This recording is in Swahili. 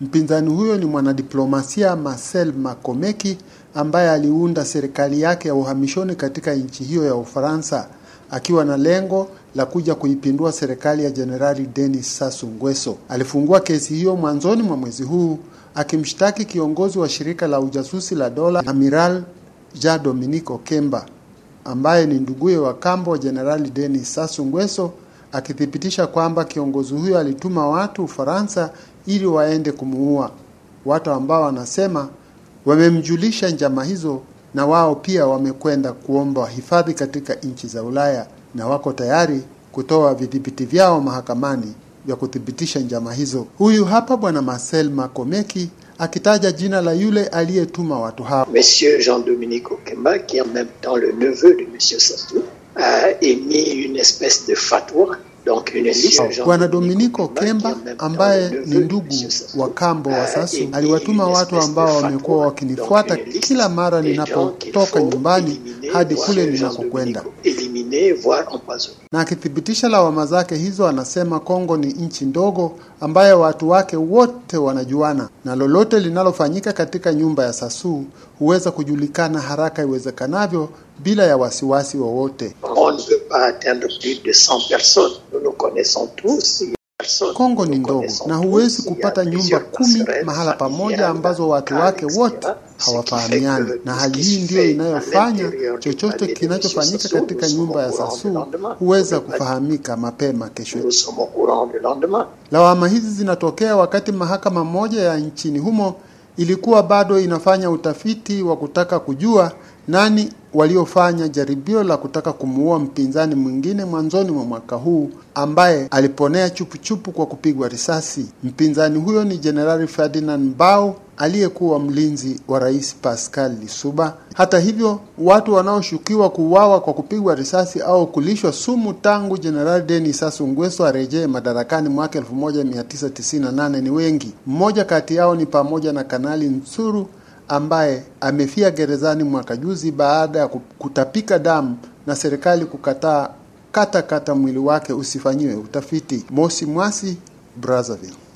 Mpinzani huyo ni mwanadiplomasia Marcel Makomeki ambaye aliunda serikali yake ya uhamishoni katika nchi hiyo ya Ufaransa akiwa na lengo la kuja kuipindua serikali ya Jenerali Denis Sassou Nguesso. Alifungua kesi hiyo mwanzoni mwa mwezi huu akimshtaki kiongozi wa shirika la ujasusi la dola Amiral Jean Dominique Okemba ambaye ni nduguye wa kambo wa Jenerali Denis Sassou Nguesso akithibitisha kwamba kiongozi huyo alituma watu Ufaransa ili waende kumuua watu ambao wanasema wamemjulisha njama hizo na wao pia wamekwenda kuomba hifadhi katika nchi za Ulaya na wako tayari kutoa vidhibiti vyao mahakamani vya kuthibitisha njama hizo. Huyu hapa bwana Marcel Makomeki akitaja jina la yule aliyetuma watu hao, Monsieur Jean Dominique Okemba qui en même temps le neveu de Monsieur Sassou a émis une espèce de fatwa Bwana Dominiko Kemba ambaye ni ndugu wa kambo wa ah, sasu aliwatuma watu ambao wamekuwa wakinifuata kila mara ninapotoka nyumbani hadi kule ninakokwenda, na akithibitisha lawama zake hizo, anasema Kongo ni nchi ndogo ambayo watu wake wote wanajuana na lolote linalofanyika katika nyumba ya sasuu huweza kujulikana haraka iwezekanavyo bila ya wasiwasi wowote wa peut pas atteindre plus de 100 personnes. Nous nous connaissons tous. Kongo ni ndogo na huwezi kupata nyumba kumi mahala pamoja ambazo watu wake wote hawafahamiani, na hali hii ndiyo inayofanya chochote kinachofanyika katika nyumba ya Sasu huweza kufahamika mapema kesho. Lawama hizi zinatokea wakati mahakama moja ya nchini humo ilikuwa bado inafanya utafiti wa kutaka kujua nani waliofanya jaribio la kutaka kumuua mpinzani mwingine mwanzoni mwa mwaka huu ambaye aliponea chupuchupu kwa kupigwa risasi. Mpinzani huyo ni Jenerali Ferdinand Mbao aliyekuwa mlinzi wa Rais Pascal Lisuba. Hata hivyo, watu wanaoshukiwa kuuawa kwa kupigwa risasi au kulishwa sumu tangu Jenerali Denis Sassou Nguesso arejee madarakani mwaka 1998 ni wengi. Mmoja kati yao ni pamoja na Kanali Nsuru ambaye amefia gerezani mwaka juzi baada ya kutapika damu na serikali kukataa kata kata mwili wake usifanyiwe utafiti. Mosi Mwasi, Brazzaville.